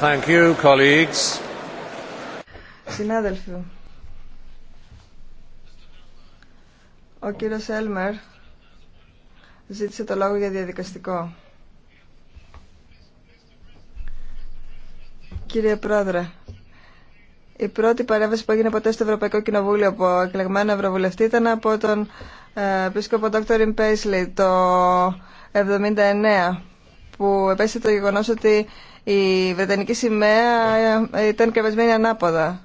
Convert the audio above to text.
Thank Συνάδελφοι, ο κύριος Έλμερ ζήτησε το λόγο για διαδικαστικό. Κύριε Πρόεδρε, η πρώτη παρέμβαση που έγινε ποτέ στο Ευρωπαϊκό Κοινοβούλιο από εκλεγμένο Ευρωβουλευτή ήταν από τον ε, επίσκοπο Dr. Impaisley το 1979 που επέστησε το γεγονός ότι η Βρετανική σημαία ε, ήταν κρεβεσμένη ανάποδα